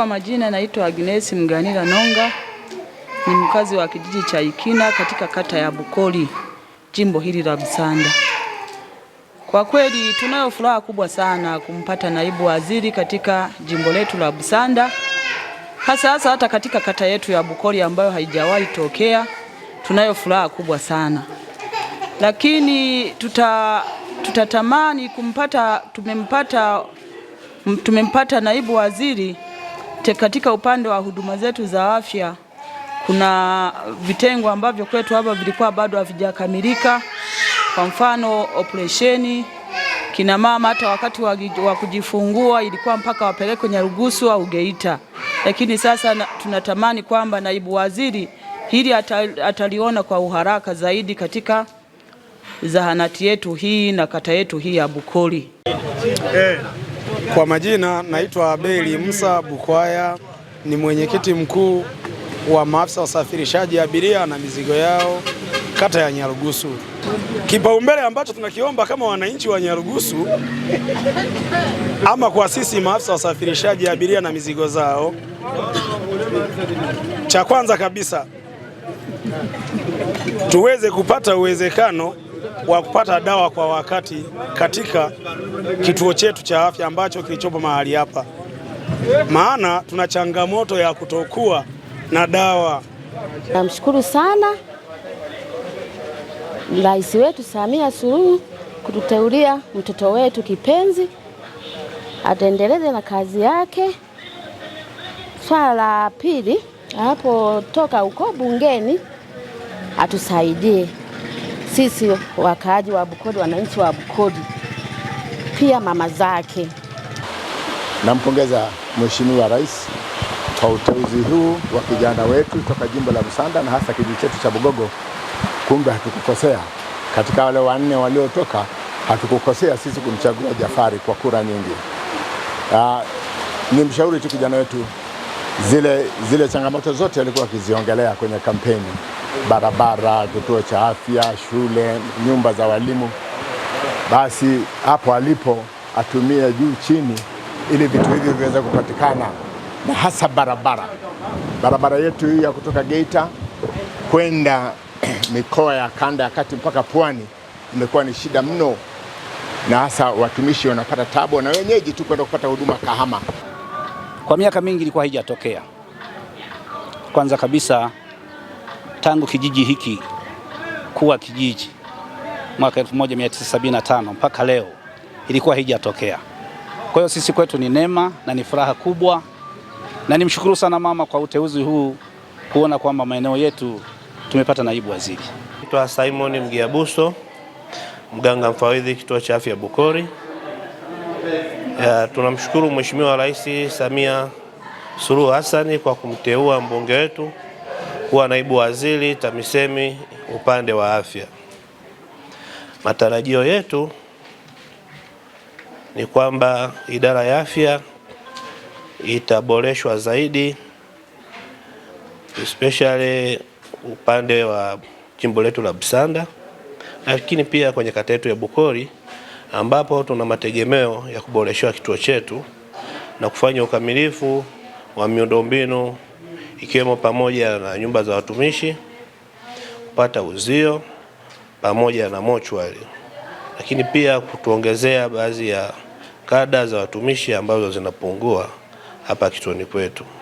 Kwa majina naitwa Agnes Mganira Nonga, ni mkazi wa kijiji cha Ikina katika kata ya Bukoli, jimbo hili la Busanda. Kwa kweli tunayo furaha kubwa sana kumpata naibu waziri katika jimbo letu la Busanda, hasa hasa hata katika kata yetu ya Bukoli ambayo haijawahi tokea. Tunayo furaha kubwa sana lakini tuta tutatamani kumpata tumempata tumempata naibu waziri katika upande wa huduma zetu za afya kuna vitengo ambavyo kwetu hapa vilikuwa bado havijakamilika. Kwa mfano operesheni, kina mama hata wakati wa kujifungua ilikuwa mpaka wapelekwe Nyarugusu au Geita, lakini sasa na, tunatamani kwamba naibu waziri hili ataliona kwa uharaka zaidi katika zahanati yetu hii na kata yetu hii ya Bukoli. Hey. Eh. Kwa majina naitwa Abeli Musa Bukwaya, ni mwenyekiti mkuu wa maafisa wasafirishaji abiria na mizigo yao kata ya Nyarugusu. Kipaumbele ambacho tunakiomba kama wananchi wa Nyarugusu ama kwa sisi maafisa wasafirishaji abiria na mizigo zao, cha kwanza kabisa tuweze kupata uwezekano wa kupata dawa kwa wakati katika kituo chetu cha afya ambacho kilichopo mahali hapa, maana tuna changamoto ya kutokuwa na dawa. Namshukuru sana Rais wetu Samia Suluhu kututeulia mtoto wetu kipenzi, ataendeleza na kazi yake. Swala la pili, anapotoka huko bungeni atusaidie sisi wakaaji wa Bukodi, wananchi wa Bukodi pia mama zake. Nampongeza Mheshimiwa Rais kwa uteuzi huu wa kijana wetu toka jimbo la Busanda na hasa kijiji chetu cha Bugogo. Kumbe hatukukosea katika wale wanne waliotoka, hatukukosea sisi kumchagua Jafari kwa kura nyingi. Ah, ni mshauri tu kijana wetu, zile, zile changamoto zote alikuwa akiziongelea kwenye kampeni: barabara, kituo cha afya, shule, nyumba za walimu basi hapo alipo atumie juu chini, ili vitu hivi viweze kupatikana, na hasa barabara. Barabara yetu hii ya kutoka Geita kwenda mikoa ya kanda ya kati mpaka pwani imekuwa ni shida mno, na hasa watumishi wanapata tabu na wenyeji tu kwenda kupata huduma Kahama. Kwa miaka mingi ilikuwa haijatokea. Kwanza kabisa tangu kijiji hiki kuwa kijiji mwaka 1975 mpaka leo ilikuwa haijatokea. Kwa hiyo sisi kwetu ni neema na ni furaha kubwa, na nimshukuru sana mama kwa uteuzi huu, kuona kwamba maeneo yetu tumepata naibu waziri. Naitwa Simon Mgiabuso, mganga mfawidhi kituo cha afya Bukori. Ya, tunamshukuru Mheshimiwa Rais Samia Suluhu Hassan kwa kumteua mbunge wetu kuwa naibu waziri TAMISEMI upande wa afya. Matarajio yetu ni kwamba idara ya afya itaboreshwa zaidi, especially upande wa jimbo letu la Busanda, lakini pia kwenye kata yetu ya Bukori ambapo tuna mategemeo ya kuboreshewa kituo chetu na kufanya ukamilifu wa miundombinu ikiwemo pamoja na nyumba za watumishi, kupata uzio pamoja na mochwari, lakini pia kutuongezea baadhi ya kada za watumishi ambazo zinapungua hapa kituoni kwetu.